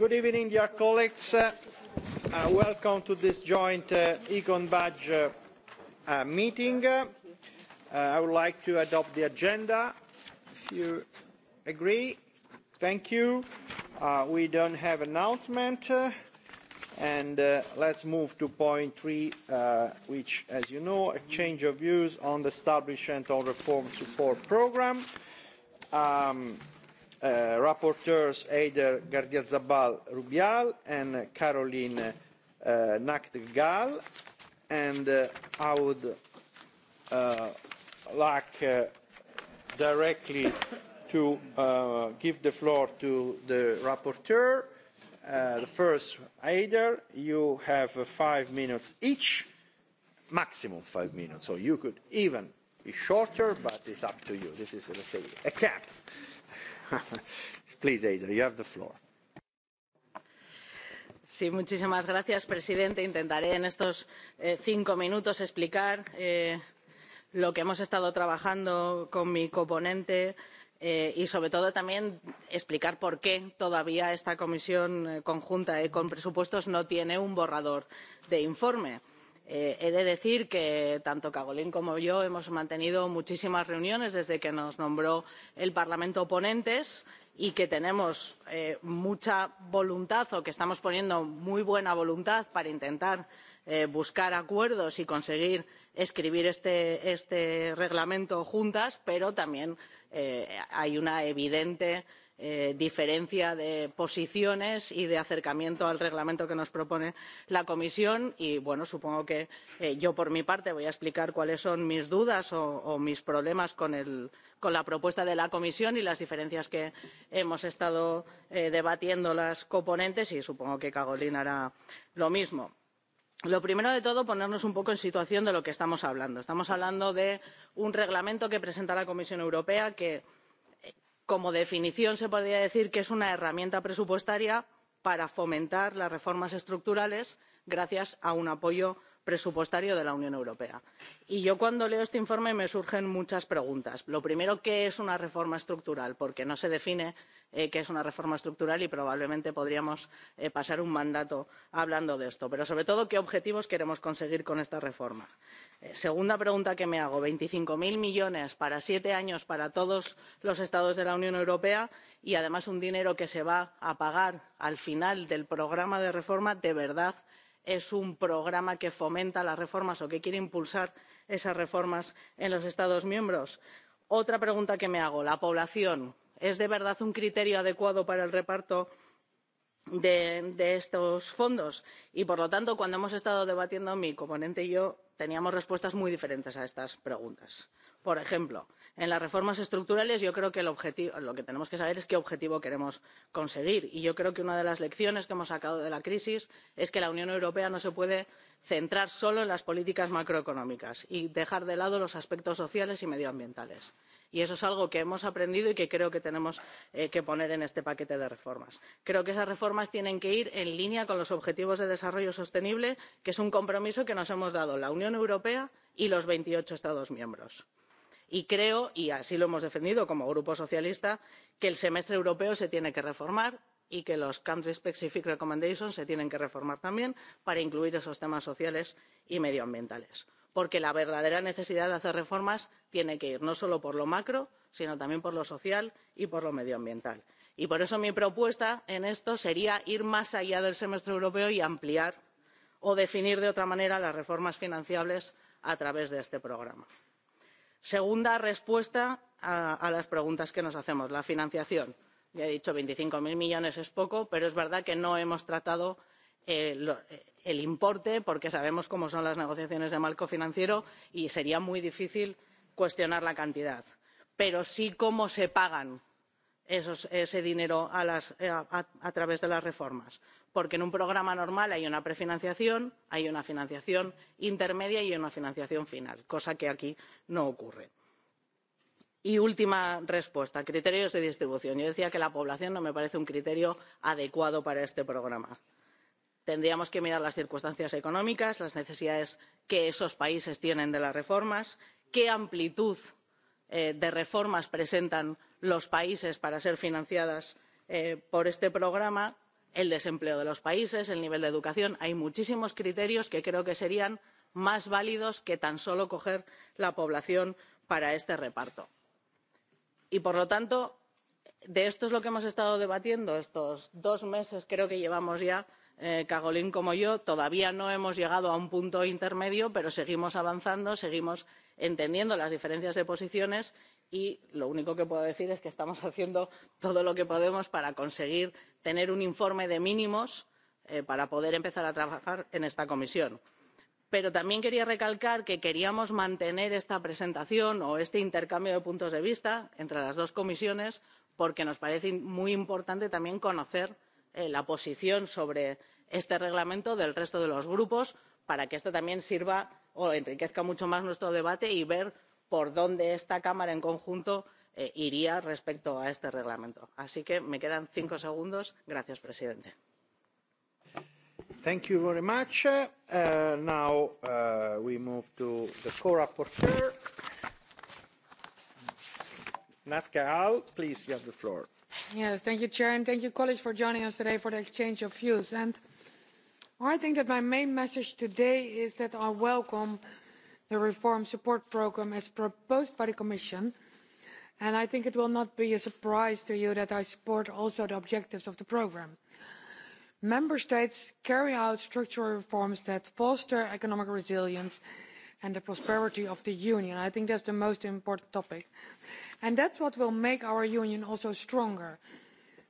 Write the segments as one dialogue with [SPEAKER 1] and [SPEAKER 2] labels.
[SPEAKER 1] Good evening, dear colleagues. Uh, uh, welcome to this joint uh, Econ Badge meeting. I would like to adopt the agenda. If you agree, thank you. Uh, we don't have announcement. and let's move to point three, which, as you know, a change of views on the establishment of reform support program. Um, Uh, rapporteurs Eider Gardiazabal Rubial and Caroline uh, nachtigall And uh, I would like directly to give the floor to the rapporteur. the first Eider, you have five minutes each, maximum five minutes. So you could even be shorter, but it's up to you. This is, a cap
[SPEAKER 2] Señor muchísimas gracias, presidente. Intentaré en estos eh, cinco minutos explicar eh, lo que hemos estado trabajando con mi coponente eh, y, sobre todo, también explicar por qué todavía esta comisión conjunta con presupuestos no tiene un borrador de informe. Eh, he de decir que tanto Cagolín como yo hemos mantenido muchísimas reuniones desde que nos nombró el Parlamento oponentes y que tenemos eh, mucha voluntad o que estamos poniendo muy buena voluntad para intentar eh, buscar acuerdos y conseguir escribir este reglamento juntas, pero también hay una evidente Eh, diferencia de posiciones y de acercamiento al reglamento que nos propone la comisión y bueno supongo que eh, yo por mi parte voy a explicar cuáles son mis dudas o, mis problemas con, la propuesta de la comisión y las diferencias que hemos estado eh, debatiendo las coponentes y supongo que Cagolín hará lo mismo lo primero de todo ponernos un poco en situación de lo que estamos hablando estamos hablando de un reglamento que presenta la comisión europea que como definición se podría decir que es una herramienta presupuestaria para fomentar las reformas estructurales gracias a un apoyo presupuestario de la unión europea. y yo cuando leo este informe me surgen muchas preguntas. lo primero qué es una reforma estructural? porque no se define eh, qué es una reforma estructural y probablemente podríamos eh, pasar un mandato hablando de esto. pero sobre todo qué objetivos queremos conseguir con esta reforma? Eh, segunda pregunta que me hago veinticinco cero millones para siete años para todos los estados de la unión europea y además un dinero que se va a pagar al final del programa de reforma de verdad es un programa que fomenta las reformas o que quiere impulsar esas reformas en los estados miembros? otra pregunta que me hago la población es de verdad un criterio adecuado para el reparto de, estos fondos? y por lo tanto cuando hemos estado debatiendo mi coponente y yo teníamos respuestas muy diferentes a estas preguntas. por ejemplo en las reformas estructurales yo creo que lo que tenemos que saber es qué objetivo queremos conseguir y yo creo que una de las lecciones que hemos sacado de la crisis es que la unión europea no se puede centrar solo en las políticas macroeconómicas y dejar de lado los aspectos sociales y medioambientales y eso es algo que hemos aprendido y que creo que tenemos eh, que poner en este paquete de reformas. creo que esas reformas tienen que ir en línea con los objetivos de desarrollo sostenible que es un compromiso que nos hemos dado la unión europea y los veintiocho estados miembros y creo y así lo hemos defendido como grupo socialista que el semestre europeo se tiene que reformar y que los country specific recommendations se tienen que reformar también para incluir esos temas sociales y medioambientales porque la verdadera necesidad de hacer reformas tiene que ir no solo por lo macro sino también por lo social y por lo medioambiental y por eso mi propuesta en esto sería ir más allá del semestre europeo y ampliar o definir de otra manera las reformas financiables a través de este programa. segunda respuesta a, las preguntas que nos hacemos la financiación. ya he dicho veinticinco cero millones es poco pero es verdad que no hemos tratado Eh, eh, el importe porque sabemos cómo son las negociaciones de marco financiero y sería muy difícil cuestionar la cantidad pero sí cómo se pagan ese dinero eh, a través de las reformas porque en un programa normal hay una prefinanciación hay una financiación intermedia y una financiación final cosa que aquí no ocurre. y última respuesta criterios de distribución. yo decía que la población no me parece un criterio adecuado para este programa tendríamos que mirar las circunstancias económicas las necesidades que esos países tienen de las reformas qué amplitud eh, de reformas presentan los países para ser financiadas eh, por este programa el desempleo de los países el nivel de educación hay muchísimos criterios que creo que serían más válidos que tan solo coger la población para este reparto. y por lo tanto de esto es lo que hemos estado debatiendo estos dos meses creo que llevamos ya eh, como yo, todavía no hemos llegado a un punto intermedio, pero seguimos avanzando, seguimos entendiendo las diferencias de posiciones y lo único que puedo decir es que estamos haciendo todo lo que podemos para conseguir tener un informe de mínimos eh, para poder empezar a trabajar en esta comisión. Pero también quería recalcar que queríamos mantener esta presentación o este intercambio de puntos de vista entre las dos comisiones porque nos parece muy importante también conocer Eh, la posición sobre este reglamento del resto de los grupos para que esto también sirva o enriquezca mucho más nuestro debate y ver por dónde esta cámara en conjunto eh, iría respecto a este reglamento. así que me quedan cinco segundos. gracias presidente.
[SPEAKER 3] Yes, thank you, Chair, and thank you, colleagues, for joining us today for the exchange of views. And I think that my main message today is that I welcome the reform support programme as proposed by the Commission. And I think it will not be a surprise to you that I support also the objectives of the programme. Member States carry out structural reforms that foster economic resilience and the prosperity of the Union. I think that's the most important topic and that's what will make our union also stronger.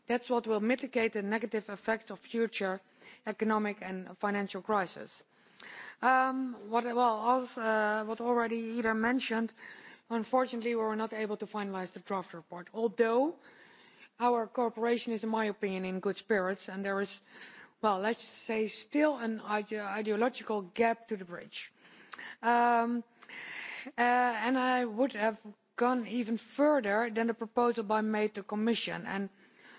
[SPEAKER 3] that's what will mitigate the negative effects of future economic and financial crises. Um, as uh, already mentioned, unfortunately we were not able to finalise the draft report, although our cooperation is, in my opinion, in good spirits and there is, well, let's say still an ideological gap to the bridge. Um, uh, and I would have gone even further than the proposal by made to the commission and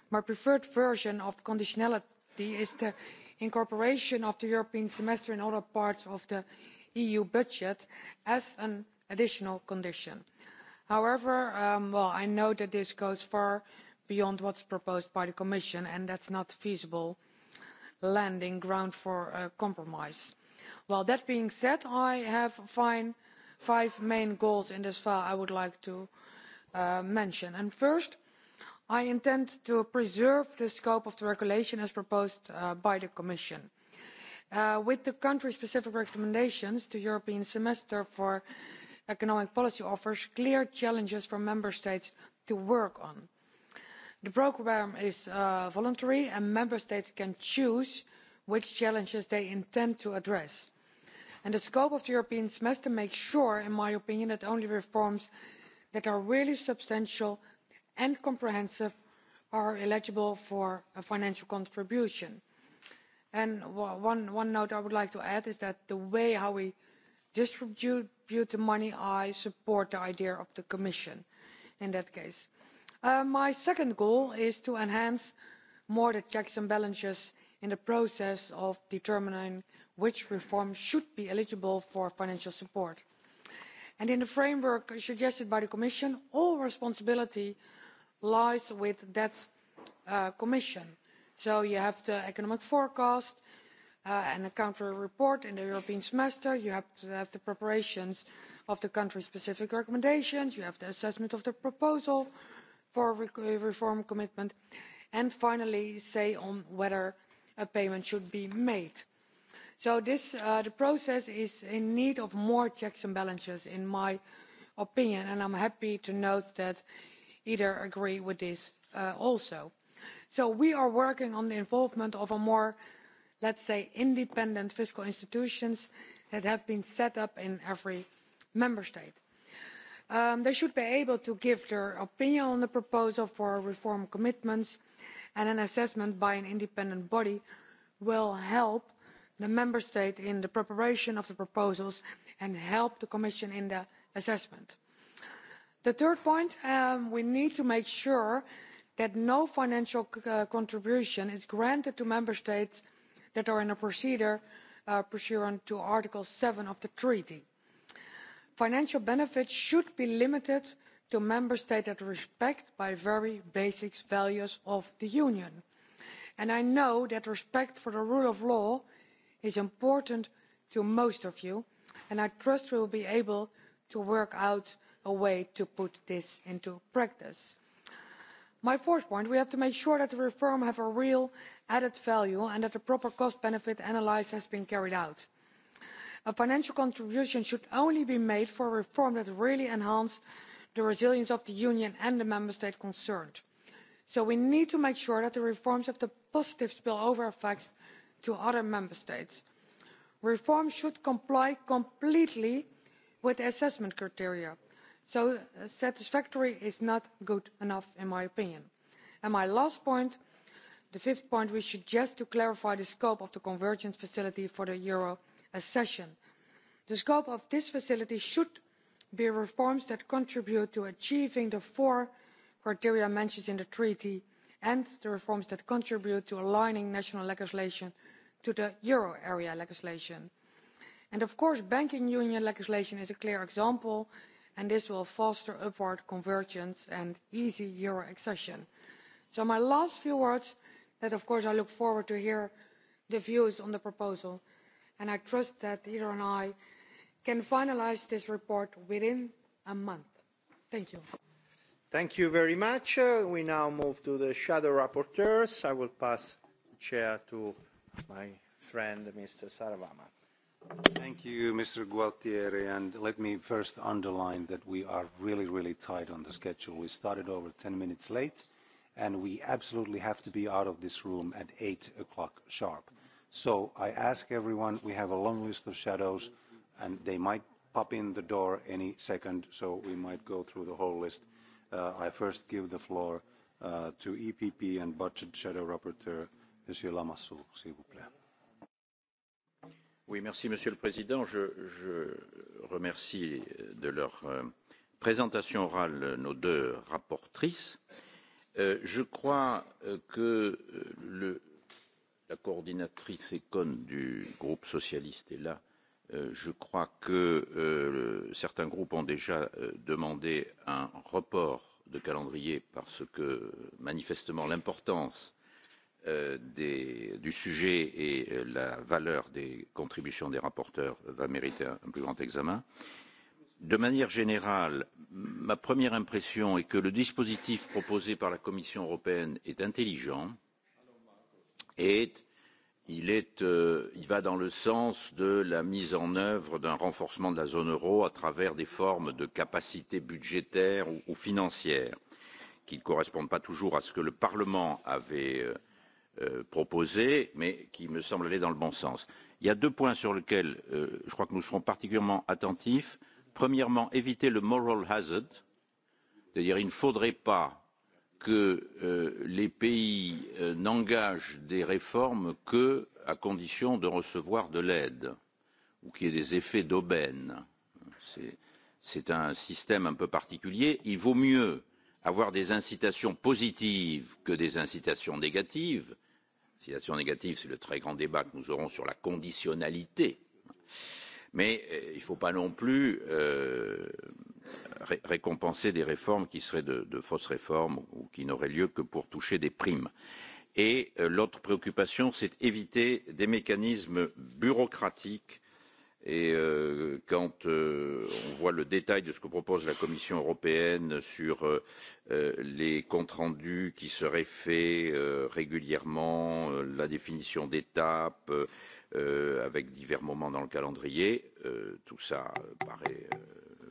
[SPEAKER 3] my preferred version of conditionality is the incorporation of the european semester in other parts of the eu budget as an additional condition. however um, i know that this goes far beyond what is proposed by the commission and that is not a feasible landing ground for a compromise. Well, that being said i have fine five main goals in this file i would like to uh, mention. first i intend to preserve the scope of the regulation as proposed uh, by the commission. Uh, with the country specific recommendations the european semester for economic policy offers clear challenges for member states to work on. the programme is voluntary and member states can choose which challenges they intend to address and the scope of the european semester makes sure in my opinion that only reforms that are really substantial and comprehensive are eligible for a financial contribution. And one, note i would like to add is that the way how we distribute the money i support the idea of the commission in that case. Uh, my second goal is to enhance more the checks and balances in the process of determining which reforms should be eligible for financial support. And in the framework suggested by the Commission, all responsibility lies with that uh, Commission. So you have the economic forecast uh, and the country report in the European semester, you have to have the preparations of the country specific recommendations, you have the assessment of the proposal for a reform commitment, and finally say on whether a payment should be made so this uh, the process is in need of more checks and balances in my opinion and i'm happy to note that either agree with this uh, also. so we are working on the involvement of a more let's say independent fiscal institutions that have been set up in every member state. Um, they should be able to give their opinion on the proposal for reform commitments and an assessment by an independent body will help the member state in the preparation of the proposals and help the commission in the assessment. the third point um, we need to make sure that no financial uh, contribution is granted to member states that are in a procedure uh, pursuant to article seven of the treaty. financial benefits should be limited to member states that respect by very basic values of the union and i know that respect for the rule of law is important to most of you and i trust we will be able to work out a way to put this into practice. my fourth point we have to make sure that the reforms have a real added value and that a proper cost benefit analysis has been carried out. a financial contribution should only be made for a reform that really enhances the resilience of the union and the member state concerned so we need to make sure that the reforms have the positive spillover effects to other member states. reform should comply completely with the assessment criteria so uh, satisfactory is not good enough in my opinion. and my last point the fifth point we suggest to clarify the scope of the convergence facility for the euro accession. the scope of this facility should be reforms that contribute to achieving the four criteria mentioned in the treaty and the reforms that contribute to aligning national legislation to the euro area legislation. And of course banking union legislation is a clear example and this will foster upward convergence and easy euro accession. so my last few words that of course i look forward to hear the views on the proposal and i trust that either and i can finalise this report within a month. thank you.
[SPEAKER 1] Thank you very much. Uh, we now move to the shadow rapporteurs. I will pass the chair to my friend, Mr. Saravama.
[SPEAKER 4] Thank you, Mr. Gualtieri, and let me first underline that we are really, really tight on the schedule. We started over 10 minutes late, and we absolutely have to be out of this room at 8:00 o'clock sharp. So I ask everyone, we have a long list of shadows, and they might pop in the door any second, so we might go through the whole list Uh, I first give the floor uh, to EPP and Budget Shadow Rapporteur, Monsieur Lamassoure, s'il vous plaît.
[SPEAKER 5] Oui, merci Monsieur le Président. Je, remercie de leur euh, présentation orale nos deux rapportrices. Euh, je crois euh, que la coordinatrice ECON du groupe socialiste est là Euh, je crois que euh, certains groupes ont déjà euh, demandé un report de calendrier parce que manifestement l'importance des du sujet et la valeur des contributions des rapporteurs va mériter un plus grand examen. De manière générale, ma première impression est que le dispositif proposé par la Commission européenne est intelligent et Euh, il, va dans le sens de la mise en œuvre d'un renforcement de la zone euro à travers des formes de capacités budgétaires ou, financières qui ne correspondent pas toujours à ce que le Parlement avait euh, euh, proposé, mais qui me semble aller dans le bon sens. Il y a deux points sur lesquels je crois que nous serons particulièrement attentifs. Premièrement, éviter le moral hazard, c'est-à-dire il ne faudrait pas que euh, les pays euh, n'engagent des réformes que à condition de recevoir de l'aide ou qu'il y ait des effets d'aubaine. C'est un système un peu particulier. Il vaut mieux avoir des incitations positives que des incitations négatives. Incitations négatives, c'est le très grand débat que nous aurons sur la conditionnalité. Mais euh, il ne faut pas non plus euh, récompenser des réformes qui seraient de, de fausses réformes ou qui n'auraient lieu que pour toucher des primes. Et euh, l'autre préoccupation, c'est éviter des mécanismes bureaucratiques et euh, quand euh, on voit le détail de ce que propose la Commission européenne sur euh, euh les comptes rendus qui seraient faits euh, régulièrement, euh, la définition d'étapes avec divers moments dans le calendrier, tout ça paraît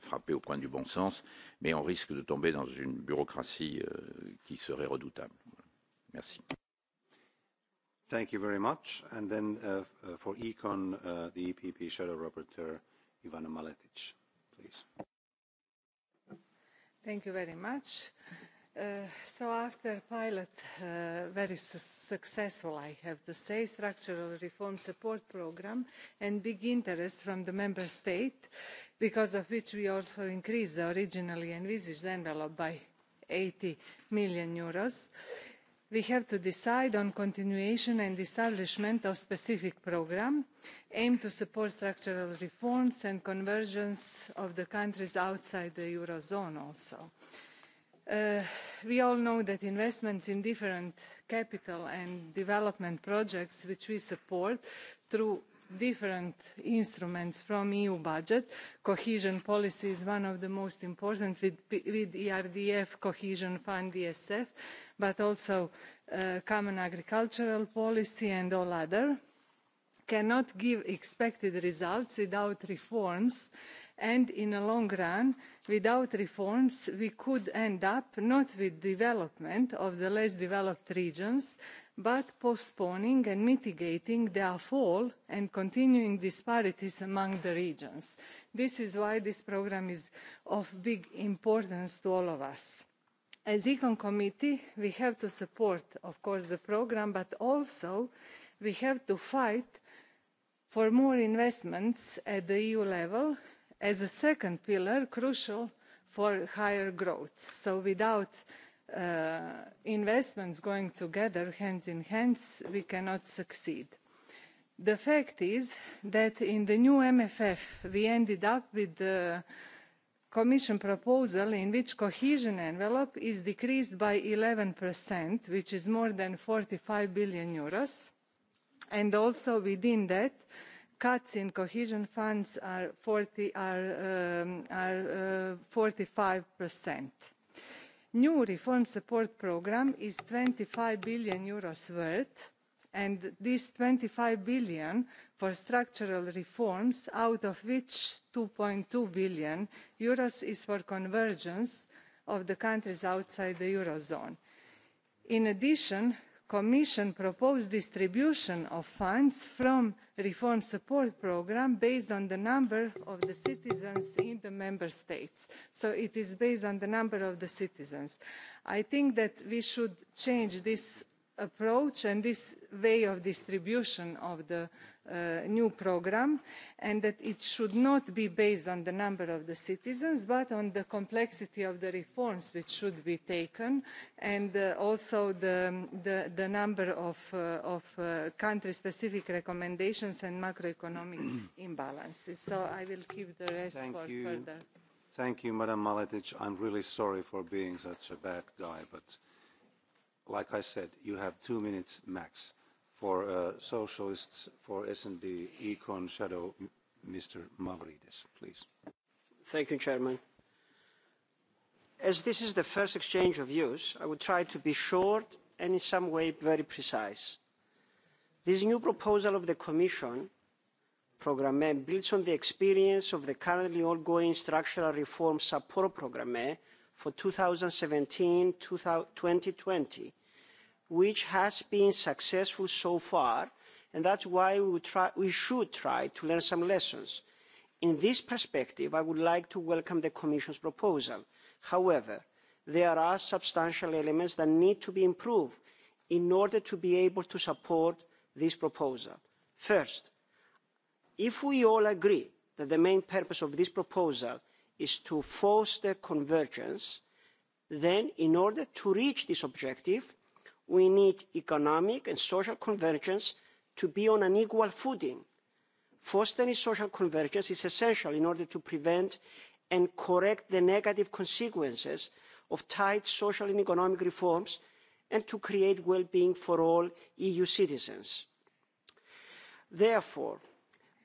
[SPEAKER 5] frappé au coin du bon sens, mais on risque de tomber dans une bureaucratie euh, qui serait redoutable.
[SPEAKER 4] Merci. Thank you very much. And then uh, uh for Econ, uh, the EPP Shadow Rapporteur, Ivana Maletic, please.
[SPEAKER 6] Thank you very much. Uh, so after pilot uh, very successful i have to say structural reform support programme and big interest from the member State, because of which we also increased the originally envisaged envelope by eur eighty million. Euros. we have to decide on continuation and establishment of specific programmes aimed to support structural reforms and convergence of the countries outside the eurozone also. Uh, we all know that investments in different capital and development projects which we support through different instruments from eu budget cohesion policy is one of the most important with, with erdf cohesion fund esf but also uh, common agricultural policy and all other cannot give expected results without reforms and in the long run without reforms we could end up not with development of the less developed regions but postponing and mitigating their fall and continuing disparities among the regions. this is why this programme is of big importance to all of us. as the econ committee we have to support of course the programme but also we have to fight for more investments at the eu level as a second pillar crucial for higher growth. so without uh, investments going together hands in hand we cannot succeed. the fact is that in the new mff we ended up with the commission proposal in which cohesion envelope is decreased by eleven which is more than eur forty five billion Euros, and also within that cuts in cohesion funds are forty um, uh, five new reform support programme is eur twenty five billion worth and this eur twenty five billion for structural reforms out of which eur. two two billion is for convergence of the countries outside the eurozone. in addition commission proposed distribution of funds from the reform support programme based on the number of the citizens in the member states so it is based on the number of the citizens. i think that we should change this approach and this way of distribution of the uh, new programme and that it should not be based on the number of the citizens but on the complexity of the reforms which should be taken and uh, also the, the, the number of, uh, of uh, country specific recommendations and macroeconomic imbalances. so i will keep the rest Thank for you. further.
[SPEAKER 4] Thank you, Madam Maletic. I'm really sorry for being such a bad guy, but like I said, you have two minutes max for uh, socialists, for D Econ Shadow, Mr. Mavridis, please.
[SPEAKER 7] Thank you, Chairman. As this is the first exchange of views, I would try to be short and in some way very precise. This new proposal of the Commission programme builds on the experience of the currently ongoing structural reform support programme for 2017-2020 which has been successful so far and that's why we, we should try to learn some lessons. in this perspective i would like to welcome the commission's proposal. however there are substantial elements that need to be improved in order to be able to support this proposal. first if we all agree that the main purpose of this proposal is to foster convergence then in order to reach this objective we need economic and social convergence to be on an equal footing. fostering social convergence is essential in order to prevent and correct the negative consequences of tight social and economic reforms and to create well being for all eu citizens. therefore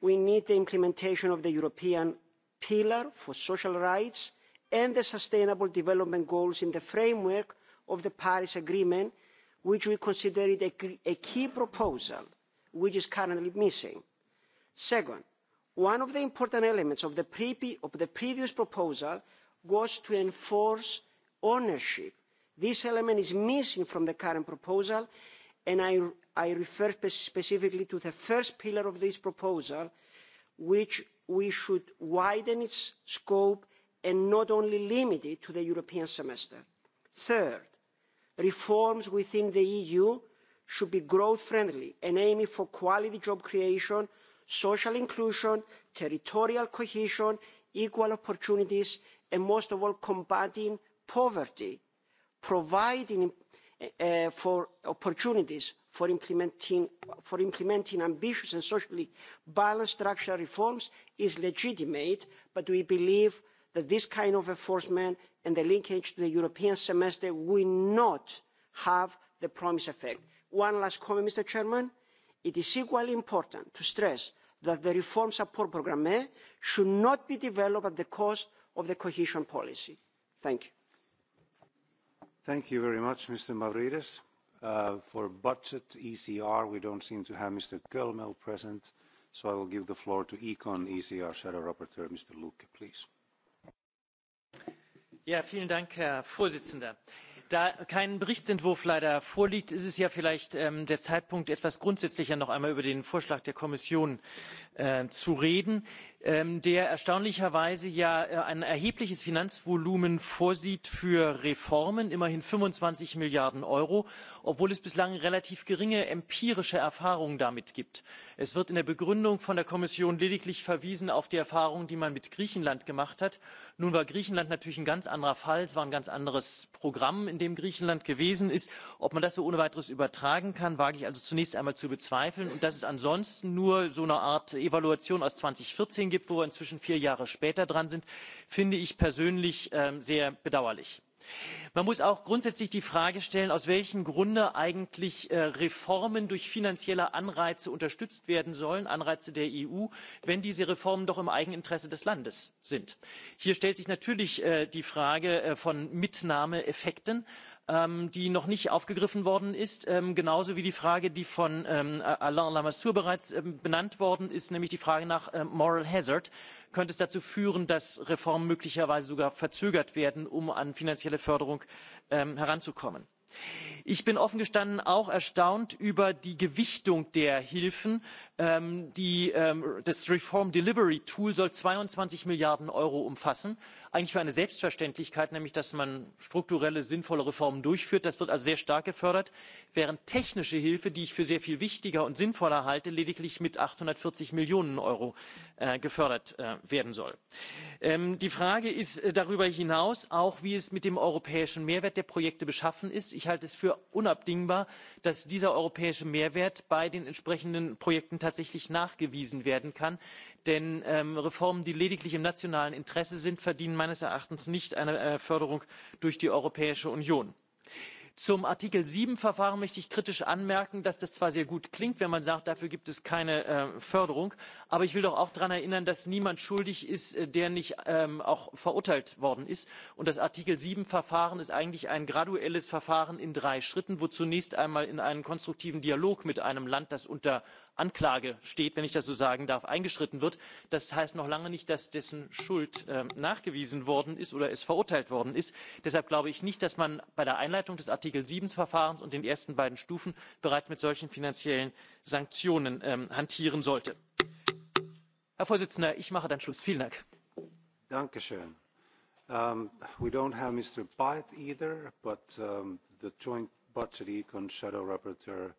[SPEAKER 7] we need the implementation of the european pillar for social rights and the sustainable development goals in the framework of the paris agreement which we consider it a key proposal which is currently missing. second one of the important elements of the previous proposal was to enforce ownership. this element is missing from the current proposal and i, I refer specifically to the first pillar of this proposal which we should widen its scope and not only limit it to the european semester. third reforms within the eu should be growth friendly and aiming for quality job creation social inclusion territorial cohesion equal opportunities and most of all combating poverty providing uh, uh, for opportunities for implementing, for implementing ambitious and socially balanced structural reforms is legitimate but we believe that this kind of enforcement and the linkage to the european semester will not have the promised effect. one last comment mr president it is equally important to stress that the reform support programme eh, should not be developed at the cost of the cohesion policy. thank you.
[SPEAKER 4] thank you very much mr mavrides. Uh, for budget ecr we don't seem to have mr gllmel present so i will give the floor to econ ecr shadow rapporteur mr Lucke, please.
[SPEAKER 8] Herr Präsident. Da kein Berichtsentwurf leider vorliegt, ist es ja vielleicht ähm, der Zeitpunkt, etwas grundsätzlicher noch einmal über den Vorschlag der Kommission Äh, zu reden ähm, der erstaunlicherweise ja äh, ein erhebliches finanzvolumen vorsieht für reformen immerhin fünfundzwanzig milliarden euro obwohl es bislang relativ geringe empirische Erfahrungen damit gibt. es wird in der begründung von der kommission lediglich verwiesen auf die erfahrung die man mit griechenland gemacht hat. nun war griechenland natürlich ein ganz anderer fall es war ein ganz anderes programm in dem griechenland gewesen ist. ob man das so ohne weiteres übertragen kann wage ich also zunächst einmal zu bezweifeln und dass es ansonsten nur so eine art evaluation aus 2014 gibt wo wir inzwischen vier jahre später dran sind finde ich persönlich ähm, sehr bedauerlich. man muss auch grundsätzlich die frage stellen aus welchem grunde eigentlich äh, reformen durch finanzielle anreize unterstützt werden sollen anreize der eu wenn diese reformen doch im eigeninteresse des landes sind. hier stellt sich natürlich äh, die frage äh, von mitnahmeeffekten. Ähm, die noch nicht aufgegriffen worden ist ähm, genauso wie die frage die von ähm, alain lamassoure bereits benannt worden ist nämlich die frage nach moral hazard könnte es dazu führen dass reformen möglicherweise sogar verzögert werden um an finanzielle förderung heranzukommen? ich bin offen gestanden auch erstaunt über die gewichtung der hilfen. Ähm, ähm, das reform delivery tool soll zweiundzwanzig milliarden euro umfassen eigentlich für eine selbstverständlichkeit nämlich dass man strukturelle sinnvolle reformen durchführt das wird also sehr stark gefördert während technische hilfe die ich für sehr viel wichtiger und sinnvoller halte lediglich mit achthundertvierzig millionen euro äh, gefördert äh, werden soll. Ähm, die frage ist äh, darüber hinaus auch wie es mit dem europäischen mehrwert der projekte beschaffen ist. ich halte es für unabdingbar dass dieser europäische mehrwert bei den entsprechenden projekten tatsächlich nachgewiesen werden kann. Denn ähm, Reformen, die lediglich im nationalen Interesse sind, verdienen meines Erachtens nicht eine äh, Förderung durch die Europäische Union. Zum Artikel 7 Verfahren möchte ich kritisch anmerken, dass das zwar sehr gut klingt, wenn man sagt, dafür gibt es keine ähm, Förderung, aber ich will doch auch daran erinnern, dass niemand schuldig ist, äh, der nicht ähm, auch verurteilt worden ist. Und das Artikel 7 Verfahren ist eigentlich ein graduelles Verfahren in drei Schritten, wo zunächst einmal in einen konstruktiven Dialog mit einem Land, das unter anklage steht wenn ich das so sagen darf eingeschritten wird. das heißt noch lange nicht dass dessen schuld ähm, nachgewiesen worden ist oder es verurteilt worden ist. deshalb glaube ich nicht dass man bei der einleitung des artikel sieben verfahrens und den ersten beiden stufen bereits mit solchen finanziellen sanktionen ähm, hantieren sollte. herr präsident ich mache dann schluss. vielen dank.
[SPEAKER 4] danke um, we don't have Mr. either, but um, the joint budget econ shadow rapporteur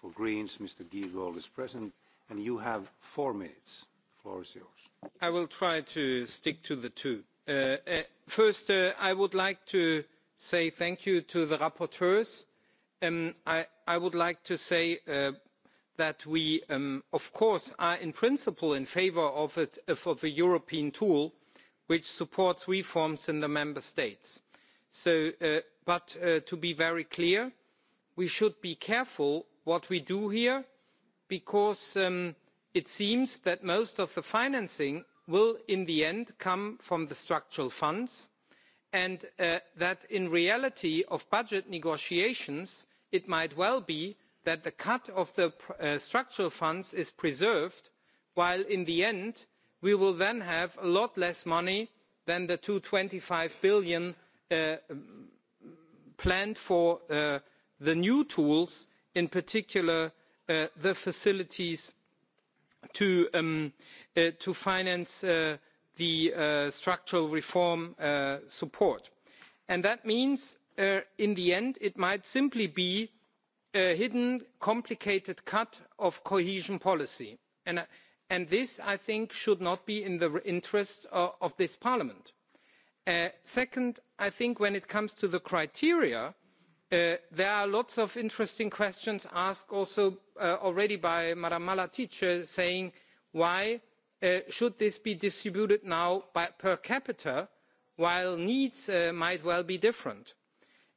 [SPEAKER 4] For Greens, Mr. Giegold is present, and you have four minutes. The floor is yours.
[SPEAKER 9] I will try to stick to the two. Uh, uh, first, uh, I would like to say thank you to the rapporteurs. Um, I, would like to say that we, um, of course, are in principle in favour of, a European tool which supports reforms in the member states. So, but to be very clear, we should be careful what we do here because um, it seems that most of the financing will in the end come from the structural funds and uh, that in reality of budget negotiations it might well be that the cut of the uh, structural funds is preserved while in the end we will then have a lot less money than the eur two hundred and twenty five billion uh, planned for the new tools in particular uh, the facilities to, um, uh, finance uh, the structural reform support. And that means in the end it might simply be a hidden complicated cut of cohesion policy and, this i think should not be in the interest of, this parliament. second i think when it comes to the criteria Uh, there are lots of interesting questions asked also uh, already by ms malatic saying why uh, should this be distributed now per capita while needs might well be different?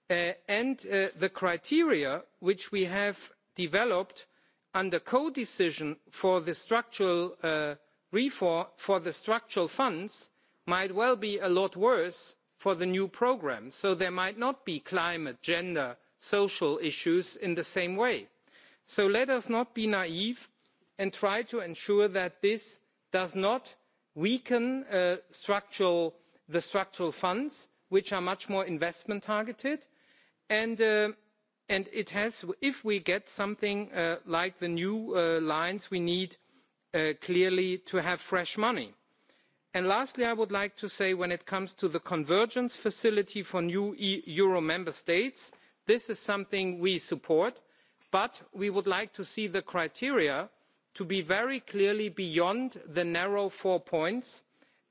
[SPEAKER 9] and the criteria which we have developed under codecision for the structural reform for the structural funds might well be a lot worse for the new programme so there might not be climate gender social issues in the same way. so let us not be naive and try to ensure that this does not weaken uh, the structural funds which are much more investment targeted and, uh, it has, if we get something uh, like the new lines we need clearly to have fresh money And lastly i would like to say when it comes to the convergence facility for new e, euro member states this is something we support but we would like to see the criteria to be very clearly beyond the narrow four points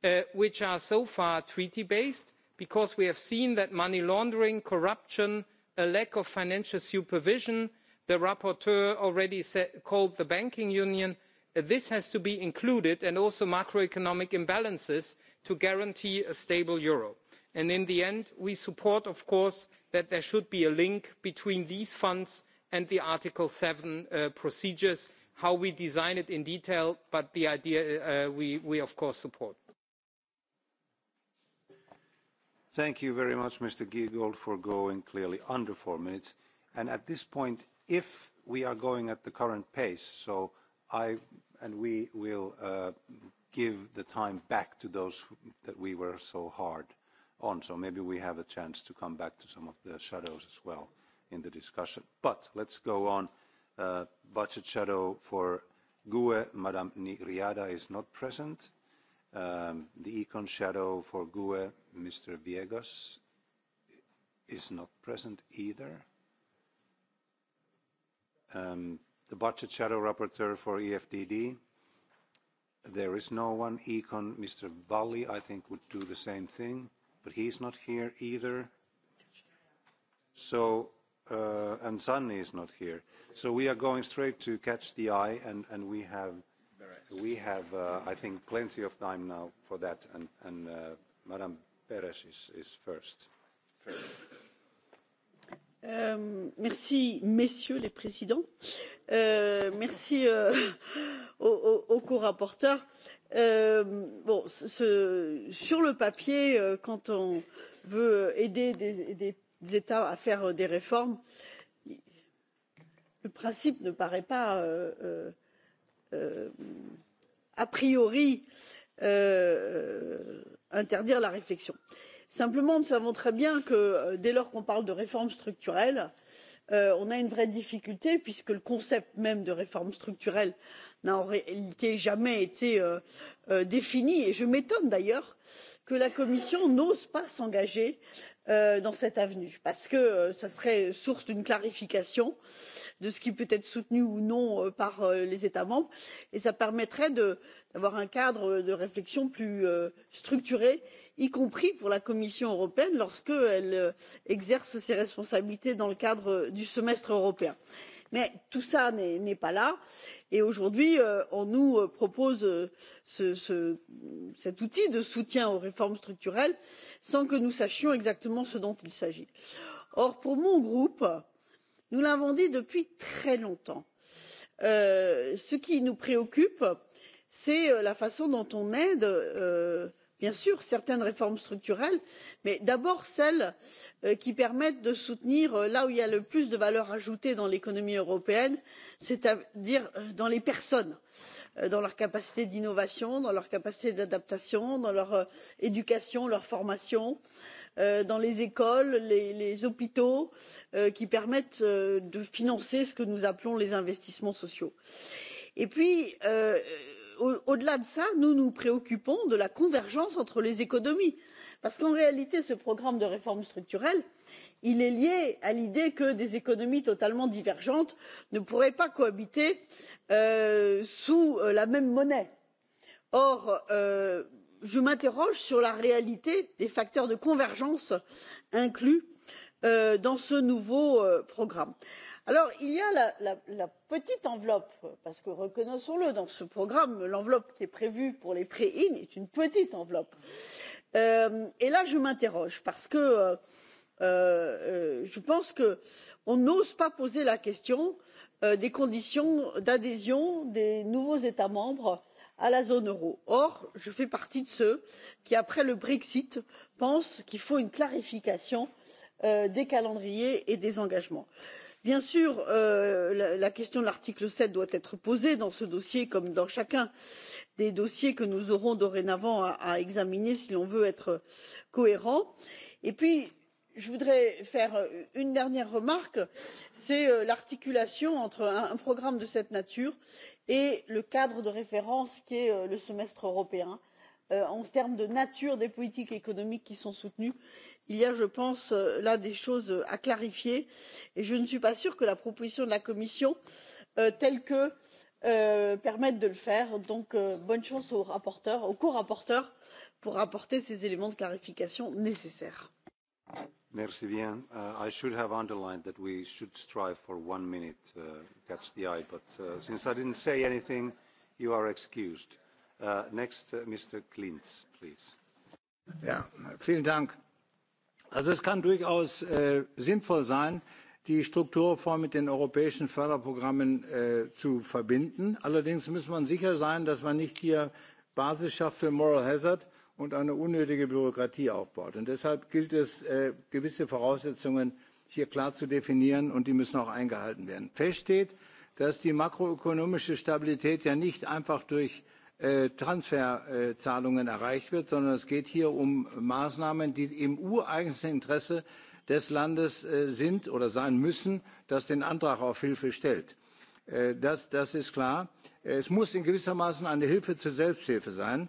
[SPEAKER 9] uh, which are so far treaty based because we have seen that money laundering corruption a lack of financial supervision the rapporteur already called the banking union Uh, this has to be included and also macroeconomic imbalances to guarantee a stable euro and in the end we support of course that there should be a link between these funds and the article seven uh, procedures how we design it in detail but the idea uh, we, we of course support.
[SPEAKER 4] thank you very much mr giegold for going clearly under four minutes and at this point if we are going at the current pace so i and we will uh, give the time back to those who, that we were so hard on. So maybe we have a chance to come back to some of the shadows as well in the discussion. But let's go on. Uh, budget shadow for GUE, Madame Niriada is not present. Um, the econ shadow for GUE, Mr. Viegas, is not present either. Um, the budget shadow rapporteur for EFDD. There is no one. Econ, Mr. Bali, I think, would do the same thing, but he's not here either. So, uh, and Sunny is not here. So we are going straight to catch the eye, and, and we have, we have, uh, I think, plenty of time now for that, and, and uh, Madam Perez is, is first.
[SPEAKER 10] Euh, merci messieurs les présidents euh, merci euh, aux, corapporteurs. sur le papier quand on veut aider des états à faire des réformes le principe ne paraît pas a priori interdire la réflexion simplement nous savons très bien que euh, dès lors qu'on parle de réformes structurelles euh, on a une vraie difficulté puisque le concept même de réforme structurelle n'a en réalité jamais été euh, défini et je m'étonne d'ailleurs que la commission n'ose pas s'engager dans cette avenue parce que ce serait source d'une clarification de ce qui peut être soutenu ou non par les états membres et cela permettrait de d'avoir un cadre euh, de réflexion plus euh, structuré y compris pour la commission européenne lorsqu'elle euh, exerce ses responsabilités dans le cadre du semestre européen. mais tout cela n'est pas là et aujourd'hui on nous propose cet outil de soutien aux réformes structurelles sans que nous sachions exactement ce dont il s'agit. or pour mon groupe nous l'avons dit depuis très longtemps ce qui nous préoccupe c'est euh, la façon dont on aide euh, bien sûr certaines réformes structurelles mais d'abord celles euh, qui permettent de soutenir là où il y a le plus de valeur ajoutée dans l'économie européenne c'est à dire dans les personnes dans leur capacité d'innovation dans leur capacité d'adaptation dans leur éducation leur formation dans les écoles les, hôpitaux qui permettent de financer ce que nous appelons les investissements sociaux. et puis au, delà de cela nous nous préoccupons de la convergence entre les économies parce qu'en réalité ce programme de réformes structurelles est lié à l'idée que des économies totalement divergentes ne pourraient pas cohabiter euh, sous euh, la même monnaie. or euh, je m'interroge sur la réalité des facteurs de convergence inclus dans ce nouveau programme alors il y a la, petite enveloppe parce que reconnaissons le dans ce programme l'enveloppe qui est prévue pour les prêts in est une petite enveloppe euh, et là je m'interroge parce que euh, euh, je pense qu'on n'ose pas poser la question des conditions d'adhésion des nouveaux états membres à la zone euro. or je fais partie de ceux qui après le brexit pensent qu'il faut une clarification des calendriers et des engagements bien sûr euh, la question de l'article sept doit être posée dans ce dossier comme dans chacun des dossiers que nous aurons dorénavant à, examiner si l'on veut être cohérent et puis je voudrais faire une dernière remarque c'est euh, l'articulation entre un, un programme de cette nature et le cadre de référence qu'est euh, le semestre européen Euh, en termes de nature des politiques économiques qui sont soutenues il y a je pense euh, là des choses à clarifier et je ne suis pas sûre que la proposition de la commission euh, telle que permette de le faire donc bonne chance aux rapporteurs aux corapporteurs pour apporter ces éléments de clarification nécessaires.
[SPEAKER 4] Merci bien. Uh, I should have underlined that we should strive for one minute uh, catch the eye, but uh, since I didn't say anything, you are excused. Uh, uh,
[SPEAKER 11] vielen Dank. Also es kann durchaus äh, sinnvoll sein, die Strukturreform mit den europäischen Förderprogrammen äh, zu verbinden. Allerdings muss man sicher sein, dass man nicht hier Basis schafft für Moral Hazard und eine unnötige Bürokratie aufbaut. Und deshalb gilt es, äh, gewisse Voraussetzungen hier klar zu definieren und die müssen auch eingehalten werden. Fest steht, dass die makroökonomische Stabilität ja nicht einfach durch Äh, transferzahlungen erreicht wird sondern es geht hier um maßnahmen die im ureigensten interesse des landes äh, sind oder sein müssen das den antrag auf hilfe stellt. Äh, das ist klar. es muss in gewisser maßen eine hilfe zur selbsthilfe sein.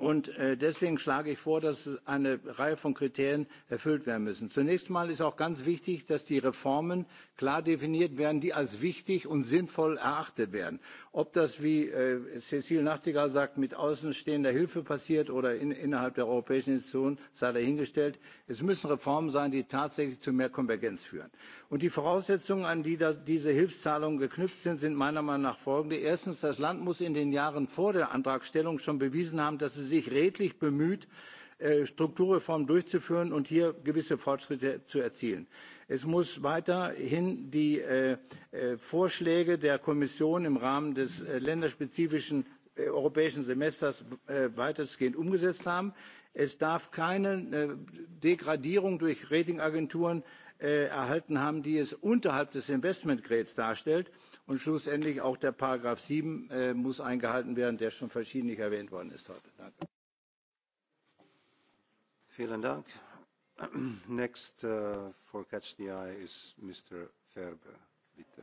[SPEAKER 11] Und äh, deswegen schlage ich vor, dass eine Reihe von Kriterien erfüllt werden müssen. Zunächst einmal ist auch ganz wichtig, dass die Reformen klar definiert werden, die als wichtig und sinnvoll erachtet werden. Ob das, wie Cecil äh, Cecile Nachtigall sagt, mit außenstehender Hilfe passiert oder innerhalb der europäischen Institutionen, sei dahingestellt. Es müssen Reformen sein, die tatsächlich zu mehr Konvergenz führen. Und die Voraussetzungen, an die diese Hilfszahlungen geknüpft sind, sind meiner Meinung nach folgende. Erstens, das Land muss in den Jahren vor der Antragstellung schon bewiesen haben, dass sich redlich bemüht, äh, Strukturreformen durchzuführen und hier gewisse Fortschritte zu erzielen. Es muss weiterhin die äh, äh, Vorschläge der Kommission im Rahmen des länderspezifischen europäischen Semesters weitestgehend umgesetzt haben. Es darf keine Degradierung durch Ratingagenturen erhalten haben, die es unterhalb des Investmentgrades darstellt. Und schlussendlich auch der Paragraph 7 äh, muss eingehalten werden, der schon verschiedentlich erwähnt worden ist heute. Danke. Vielen Dank.
[SPEAKER 4] Next äh, for Catch the Eye Mr. Ferber, bitte.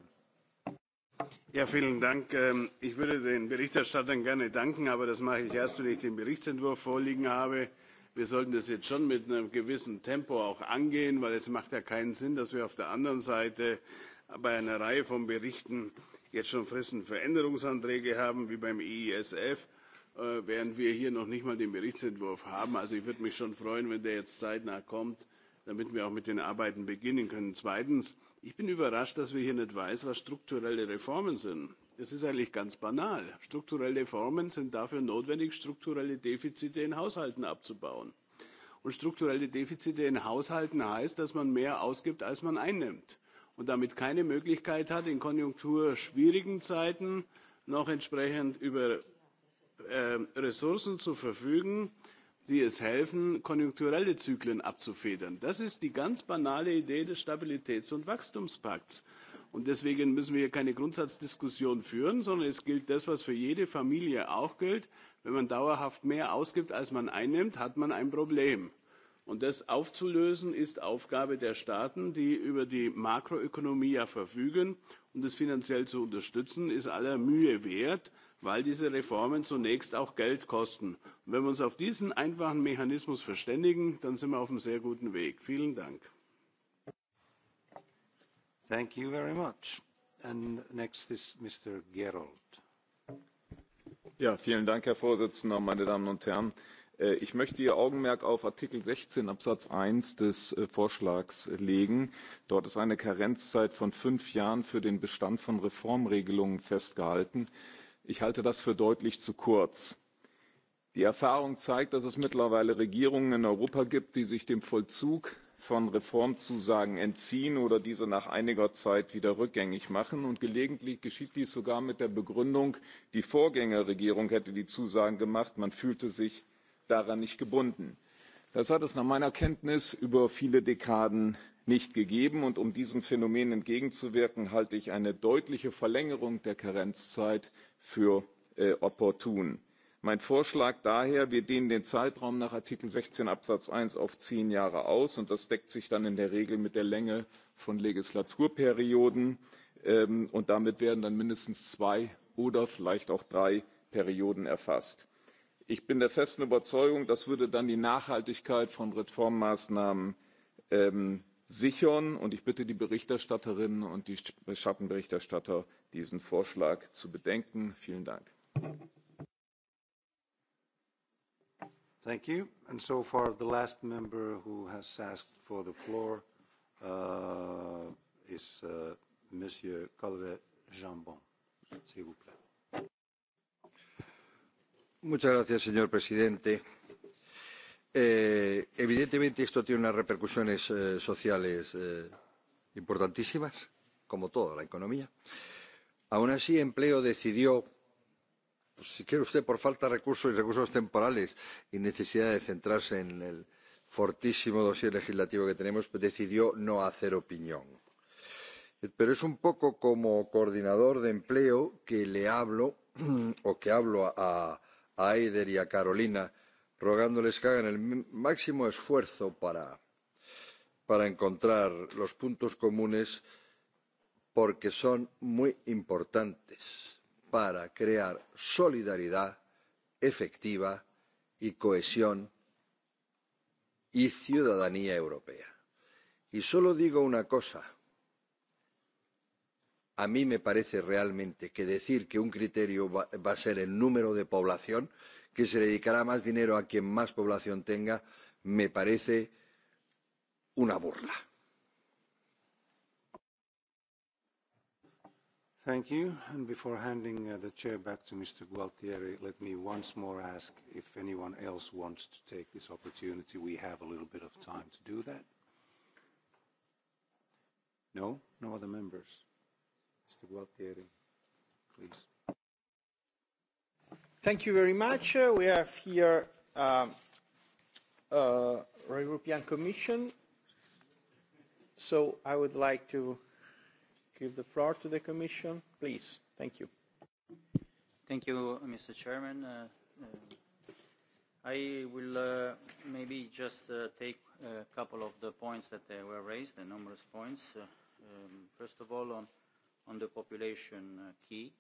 [SPEAKER 12] Ja, vielen Dank. Ähm, ich würde den Berichterstattern gerne danken, aber das mache ich erst, wenn ich den Berichtsentwurf vorliegen habe. Wir sollten das jetzt schon mit einem gewissen Tempo auch angehen, weil es macht ja keinen Sinn, dass wir auf der anderen Seite bei einer Reihe von Berichten jetzt schon Fristen Veränderungsanträge haben, wie beim EISF, äh, während wir hier noch nicht mal den Berichtsentwurf haben. Also ich würde mich schon freuen, wenn der jetzt zeitnah kommt, damit wir auch mit den Arbeiten beginnen können. Zweitens, ich bin überrascht, dass wir hier nicht weiß, was strukturelle Reformen sind. Das ist eigentlich ganz banal. Strukturelle Reformen sind dafür notwendig, strukturelle Defizite in Haushalten abzubauen. Und strukturelle Defizite in Haushalten heißt, dass man mehr ausgibt, als man einnimmt und damit keine möglichkeit hat in konjunkturschwierigen zeiten noch entsprechend über äh, ressourcen zu verfügen die es helfen konjunkturelle zyklen abzufedern. das ist die ganz banale idee des stabilitäts und wachstumspakts. Und deswegen müssen wir hier keine grundsatzdiskussion führen sondern es gilt das was für jede familie auch gilt wenn man dauerhaft mehr ausgibt als man einnimmt hat man ein problem. Und das aufzulösen ist Aufgabe der Staaten, die über die Makroökonomie ja verfügen. Und es finanziell zu unterstützen, ist aller Mühe wert, weil diese Reformen zunächst auch Geld kosten. wenn wir uns auf diesen einfachen Mechanismus verständigen, dann sind wir auf einem sehr guten Weg. Vielen Dank. Thank you very much. And
[SPEAKER 4] next Mr.
[SPEAKER 13] Ja, vielen Dank, Herr Vorsitzender, meine Damen und Herren. Äh, ich möchte Ihr Augenmerk auf Artikel 16 Absatz 1 des äh, Vorschlags legen. Dort ist eine Karenzzeit von fünf Jahren für den Bestand von Reformregelungen festgehalten. Ich halte das für deutlich zu kurz. Die Erfahrung zeigt, dass es mittlerweile Regierungen in Europa gibt, die sich dem Vollzug von Reformzusagen entziehen oder diese nach einiger Zeit wieder rückgängig machen. Und gelegentlich geschieht dies sogar mit der Begründung, die Vorgängerregierung hätte die Zusagen gemacht, man fühlte sich daran nicht gebunden. das hat es nach meiner kenntnis über viele dekaden nicht gegeben und um diesem phänomen entgegenzuwirken halte ich eine deutliche verlängerung der karenzzeit für äh, opportun. mein vorschlag daher wir dehnen den zeitraum nach artikel sechzehn absatz eins auf zehn jahre aus und das deckt sich dann in der regel mit der länge von legislaturperioden ähm, und damit werden dann mindestens zwei oder vielleicht auch drei perioden erfasst ich bin der festen überzeugung das würde dann die nachhaltigkeit von reformmaßnahmen ähm, sichern und ich bitte die Berichterstatterinnen und die schattenberichterstatter diesen vorschlag zu bedenken. vielen dank.
[SPEAKER 4] And so far, the last member who has asked for the floor uh, is uh, Monsieur Jambon
[SPEAKER 14] señor presidente. Eh, evidentemente esto tiene unas repercusiones eh, sociales eh, importantísimas, como toda la economía. Aun así, empleo decidió, si quiere usted, por falta de recursos y recursos temporales y necesidad de centrarse en el fortísimo dossier legislativo que tenemos, decidió no hacer opinión. Pero es un poco como coordinador de empleo que le hablo o que hablo a, a eider y a carolina rogándoles que hagan el máximo esfuerzo para, para encontrar los puntos comunes porque son muy importantes para crear solidaridad efectiva y cohesión y ciudadanía europea. Y solo digo una cosa a mí me parece realmente que decir que un criterio va, a ser el número de población, que se dedicará más dinero a quien más población tenga, me parece una burla.
[SPEAKER 4] Thank you. And before handing uh, the chair back to Mr. Gualtieri, let me once more ask if anyone else wants to take this opportunity. We have a little bit of time to do that. No? No other members? Mr. Gualtieri, please.
[SPEAKER 1] Thank you very much. Uh, we have here um, uh, uh, European Commission. So I would like to give the floor to the Commission. Please. Thank you.
[SPEAKER 15] Thank you, Mr. Chairman. Uh, uh, I will uh, maybe just uh, take a couple of the points that uh, were raised, the numerous points. Uh, um, first of all, on on the population uh, key,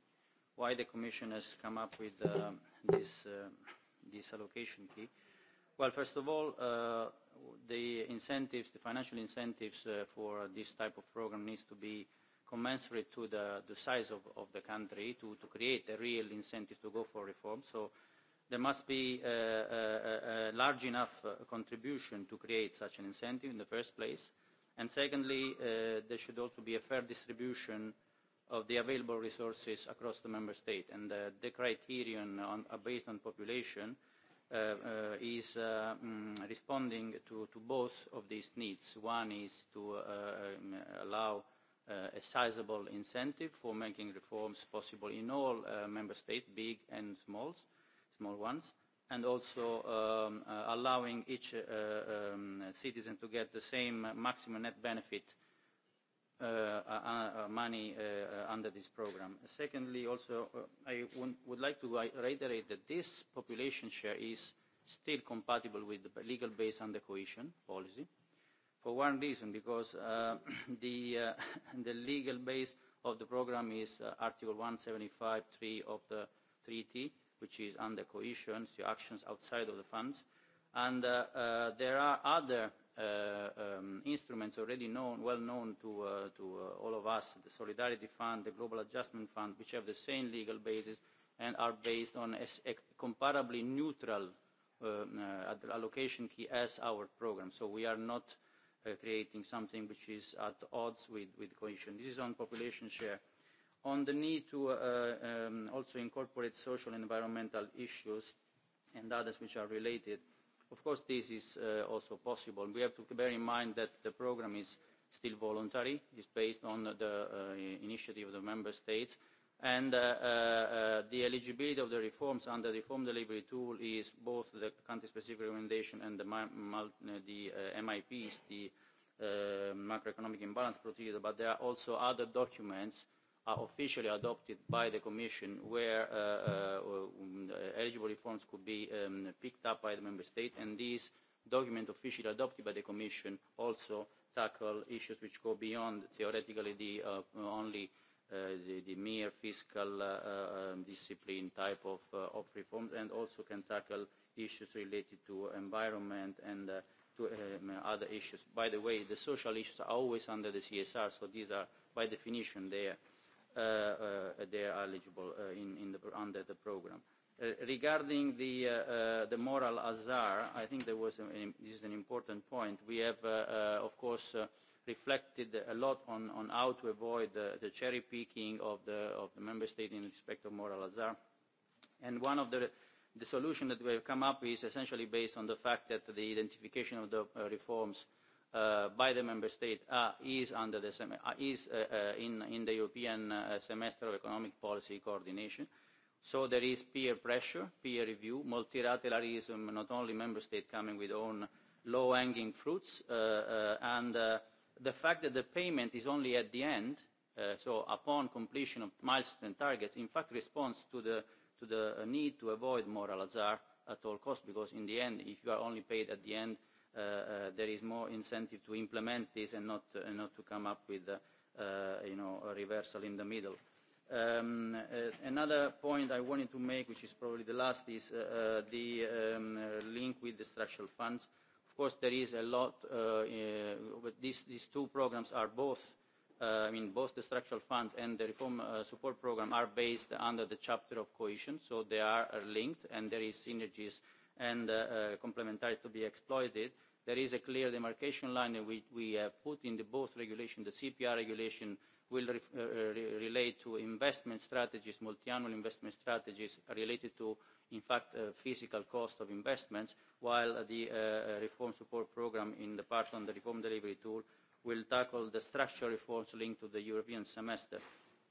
[SPEAKER 15] why the Commission has come up with uh, this, uh, this allocation key. Well, first of all, the incentives, the financial incentives for this type of program needs to be commensurate to the, the size of, of the country to, to create a real incentive to go for reform. So there must be a, a, a large enough contribution to create such an incentive in the first place. And secondly, uh, there should also be a fair distribution of the available resources across the member state. And uh, the criterion on, uh, based on population uh, uh, is uh, um, responding to, to both of these needs. One is to uh, um, allow uh, a sizable incentive for making reforms possible in all uh, member states, big and smalls, small ones, and also um, uh, allowing each uh, um, citizen to get the same maximum net benefit Uh, uh, uh, money uh, uh, under this program. Secondly, also, I would like to reiterate that this population share is still compatible with the legal base under cohesion policy. For one reason, because the, the legal base of the program is Article 175.3 of the treaty, which is under cohesion, so actions outside of the funds. And there are other Uh, um, instruments already known, well known to, uh, to uh, all of us, the Solidarity Fund, the Global Adjustment Fund, which have the same legal basis and are based on a, comparably neutral um, uh, allocation key as our program. So we are not uh, creating something which is at odds with, with cohesion. This is on population share. On the need to um, also incorporate social and environmental issues and others which are related, Of course, this is uh, also possible. We have to bear in mind that the program is still voluntary. It's based on the uh, initiative of the member states. And uh, uh, uh, the eligibility of the reforms under the reform delivery tool is both the country-specific recommendation and the, uh, the uh, MIPs, the uh, macroeconomic imbalance procedure, but there are also other documents are officially adopted by the Commission where uh, uh, um, uh eligible reforms could be um, picked up by the Member State and these documents officially adopted by the Commission also tackle issues which go beyond theoretically the uh, only Uh, the, the mere fiscal uh, um, discipline type of, uh, of reforms and also can tackle issues related to environment and to um, other issues. By the way, the social issues are always under the CSR, so these are by definition there. Uh, uh, they are eligible uh, in, in the, under the program. Regarding the, the moral azar, I think there was an, this is an important point. We have, of course, reflected a lot on, on how to avoid the, the cherry picking of the, of the member state in respect of moral hazard. And one of the, the solutions that we have come up with is essentially based on the fact that the identification of the reforms Uh, by the member state uh, is under the uh, is uh, in in the European semester of economic policy coordination. So there is peer pressure, peer review, multilateralism, not only member state coming with own low-hanging fruits, and the fact that the payment is only at the end, so upon completion of milestone targets, in fact responds to the, to the need to avoid moral hazard at all costs, because in the end, if you are only paid at the end, Uh, uh, there is more incentive to implement this and not, uh, not to come up with you know, a reversal in the middle. Um, uh, another point I wanted to make, which is probably the last, is uh, the um, link with the structural funds. Of course, there is a lot, but these, these two programs are both, I mean, both the structural funds and the reform support program are based under the chapter of cohesion, so they are linked and there is synergies and complementarity to be exploited there is a clear demarcation line and we, have uh, put in the both regulation, the CPR regulation will uh, uh, relate to investment strategies, multi-annual investment strategies related to, in fact, uh, physical cost of investments, while the reform support program in the part on the reform delivery tool will tackle the structural reforms linked to the European semester.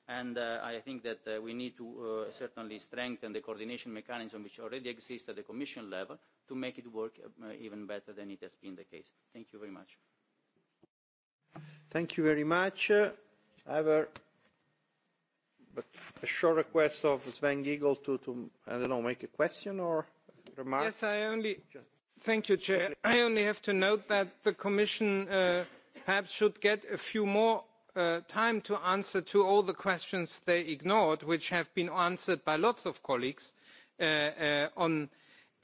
[SPEAKER 15] And I think that we need to certainly strengthen the coordination mechanism which already exists at the Commission level, to make it work uh, even better than it has been the case. Thank you very much.
[SPEAKER 1] Thank you very much. Uh, I have a, but a short request of Sven Giegel to, to, I don't know, make a question or remark? Yes, I only, thank you, Chair.
[SPEAKER 9] I only have to note that the Commission uh, perhaps should get a few more uh, time to answer to all the questions they ignored, which have been answered by lots of colleagues uh, uh on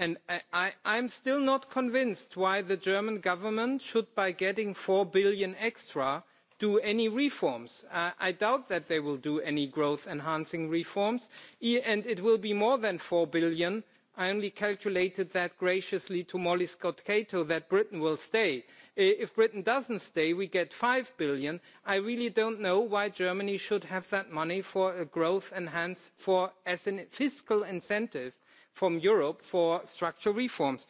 [SPEAKER 9] and i am still not convinced why the german government should by getting eur four billion extra do any reforms. Uh, i doubt that they will do any growth enhancing reforms e, and it will be more than four billion i only calculated that graciously to molly scott cato that britain will stay. if britain doesn't stay we get eur five billion. i really don't know why germany should have that money for a growth enhance for as a fiscal incentive from europe for structural reforms.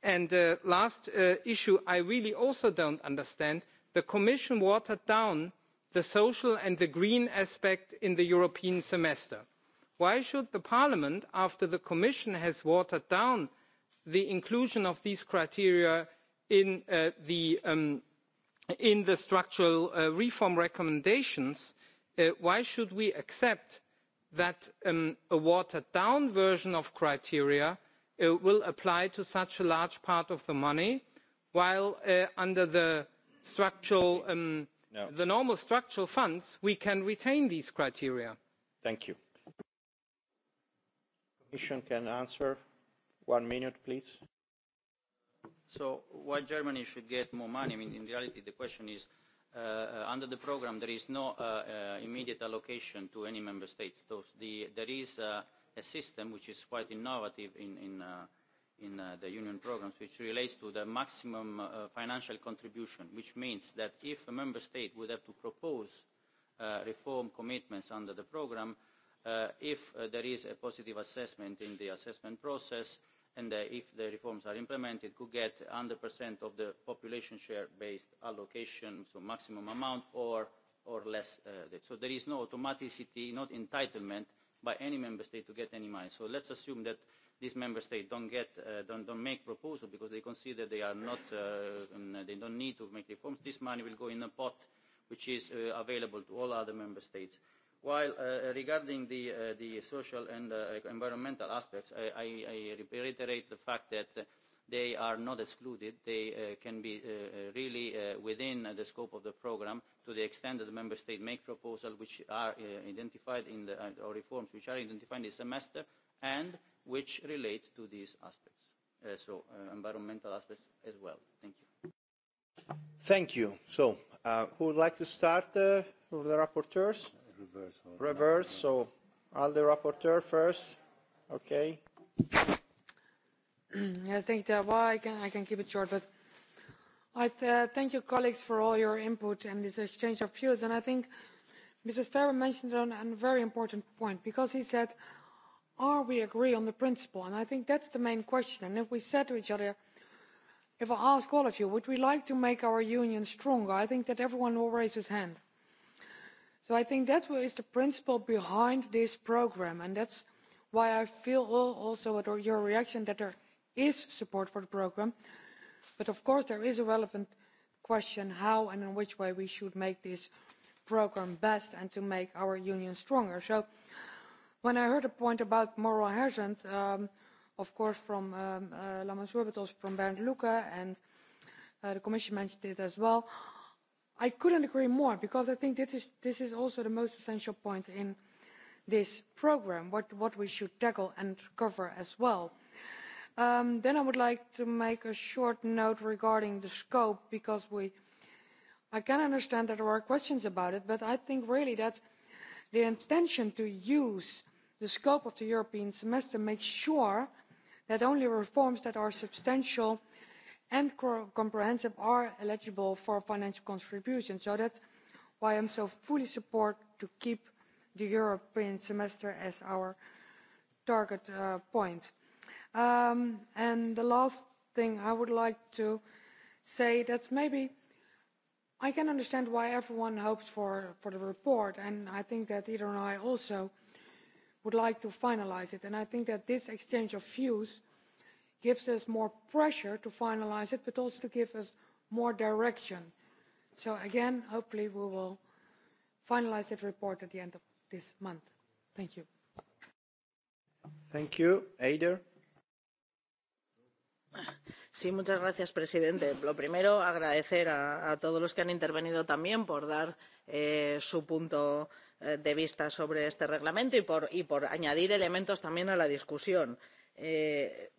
[SPEAKER 9] and the uh, last uh, issue i really also don't understand the commission watered down the social and the green aspect in the european semester. why should the parliament after the commission has watered down the inclusion of these criteria in, uh, um, the, structural reform recommendations why should we accept that um, a watered down version of criteria uh, will apply to such a large part of the money while uh, under the structural um, the normal structural funds we can retain these criteria
[SPEAKER 1] thank you commission can answer one minute please
[SPEAKER 15] so why germany should get more money i mean in reality the question is Uh, uh, under the programme there is no uh, uh, immediate allocation to any member states. Those, the, there is a system which is quite innovative in, in, in the union programmes which relates to the maximum financial contribution which means that if a member state would have to propose reform commitments under the programme if there is a positive assessment in the assessment process and uh, if the reforms are implemented, could get 100% of the population share-based allocation, so maximum amount or, or less. Uh, so there is no automaticity, not entitlement by any member state to get any money. So let's assume that these member states don't, get, uh, don't, don't make proposal because they consider they, are not, uh, they don't need to make reforms. This money will go in a pot which is uh, available to all other member states While uh, regarding the, uh, the social and uh, environmental aspects, I, I, reiterate the fact that they are not excluded. They uh, can be uh, really uh, within the scope of the programme to the extent that the member state make proposals which are uh, identified in the, uh, or reforms which are identified in the semester and which relate to these aspects, uh, so environmental aspects as well. Thank you.
[SPEAKER 1] Thank you. So, who would like to start? Uh, the rapporteurs? reverse. so so the rapporteur first. Okay.
[SPEAKER 3] yes, thank you. Well, I can, I can keep it short, but I uh, thank you colleagues for all your input and this exchange of views. And I think Mr. Ferrer mentioned a very important point because he said, are we agree on the principle? And I think that's the main question. And if we said to each other, if I ask all of you, would we like to make our union stronger? I think that everyone will raise his hand so i think that is the principle behind this programme and that's why i feel also at your reaction that there is support for the programme but of course there is a relevant question how and in which way we should make this programme best and to make our union stronger. so when i heard a point about moral hazard um, of course from um, uh, lamassoure but also from bernd lucke and uh, the commission mentioned it as well i couldn't agree more because i think this is, this is also the most essential point in this programme what, what we should tackle and cover as well. Um, then i would like to make a short note regarding the scope because we, i can understand that there are questions about it but i think really that the intention to use the scope of the european semester makes sure that only reforms that are substantial and comprehensive are eligible for financial contributions. so that's why i am so fully support to keep the european semester as our target uh, point. Um, and the last thing i would like to say that maybe i can understand why everyone hopes for, for the report and i think that either and i also would like to finalise it and i think that this exchange of views gives us more pressure to finalise it but also to give us more direction. so again hopefully we will finalise that report at the end of this month.
[SPEAKER 2] thank you. Thank you. Eider. Sí, muchas gracias, presidente. Lo primero, agradecer a, a todos los que han intervenido también por dar eh, su punto eh, de vista sobre este reglamento y por, y por añadir elementos también a la discusión. Eh,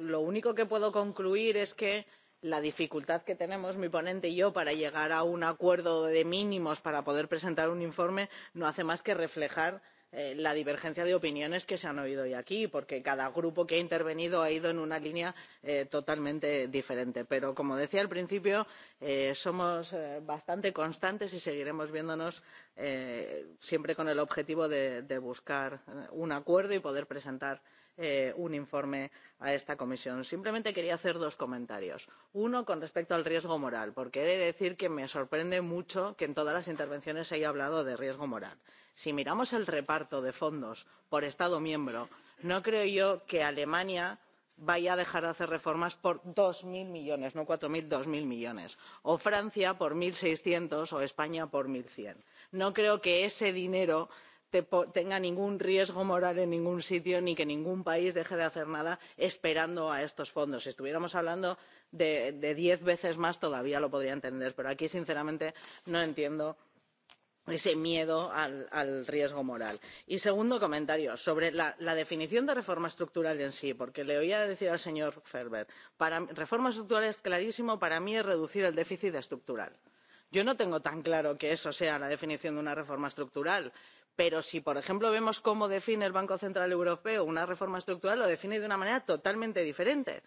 [SPEAKER 2] lo único que puedo concluir es que la dificultad que tenemos mi ponente y yo para llegar a un acuerdo de mínimos para poder presentar un informe no hace más que reflejar eh, la divergencia de opiniones que se han oído hoy aquí porque cada grupo que ha intervenido ha ido en una línea eh, totalmente diferente. pero como decía al principio eh, somos bastante constantes y seguiremos viéndonos siempre con el objetivo de, de buscar un acuerdo y poder presentar eh, un informe a esta comisión. Simplemente quería hacer dos comentarios. Uno, con respecto al riesgo moral, porque he de decir que me sorprende mucho que en todas las intervenciones se haya hablado de riesgo moral. Si miramos el reparto de fondos por Estado miembro, no creo yo que Alemania vaya a dejar de hacer reformas por dos millones no 4.000, 2.000 dos millones o francia por 1.600 o españa por 1.100. no creo que ese dinero tenga ningún riesgo moral en ningún sitio ni que ningún país deje de hacer nada esperando a estos fondos. si estuviéramos hablando de, diez veces más todavía lo podría entender pero aquí sinceramente no entiendo ese miedo al, riesgo moral. y segundo comentario sobre la, definición de reforma estructural en sí porque le oía decir al señor ferber para, reforma estructural es clarísimo para mí es reducir el déficit estructural. yo no tengo tan claro que eso sea la definición de una reforma estructural pero si por ejemplo vemos cómo define el banco central europeo una reforma estructural lo define de una manera totalmente diferente.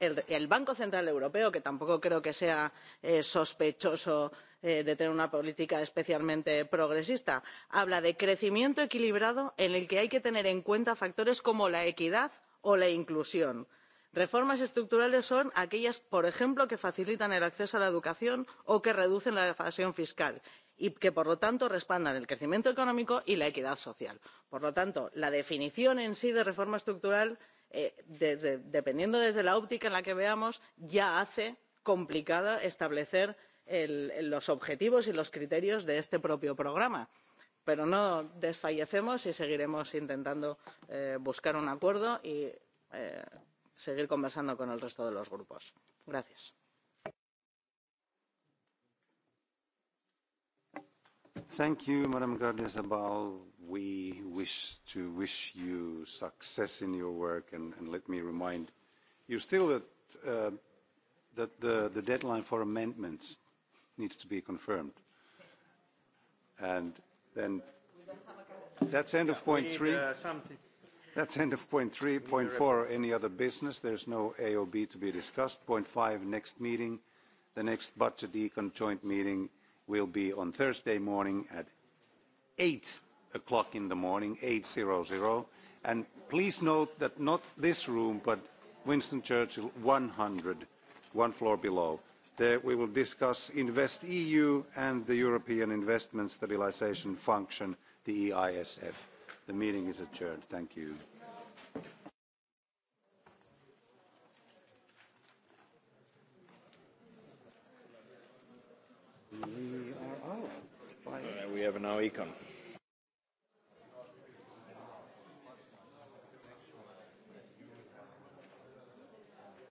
[SPEAKER 2] el, banco central europeo que tampoco creo que sea eh, sospechoso eh, de tener una política especialmente progresista habla de crecimiento equilibrado en el que hay que tener en cuenta factores como la equidad o la inclusión. reformas estructurales son aquellas por ejemplo que facilitan el acceso a la educación o que reducen la evasión fiscal y que por lo tanto respaldan el crecimiento económico y la equidad social. por lo tanto la definición en sí de reforma estructural eh, dependiendo desde la óptica en la que veamos ya hace complicado establecer los objetivos y los criterios de este propio programa pero no desfallecemos y seguiremos intentando eh, buscar un acuerdo y eh, seguir conversando con el resto de los grupos. gracias.
[SPEAKER 4] Thank you, Madam Gardia We wish to wish you success in your work, and, and let me remind you still that, uh, that the, the deadline for amendments needs to be confirmed. And then that's end of point three. Uh, that's end of point three. Point four, any other business? There's no AOB to be discussed. Point five, next meeting. The next budget econ joint meeting will be on Thursday morning at 8 o'clock in the morning, 8.00. And please note that not this room, but Winston Churchill 100, one floor below. There we will discuss Invest EU and the European Investment Stabilisation Function, the EISF. The meeting is adjourned. Thank you.
[SPEAKER 1] na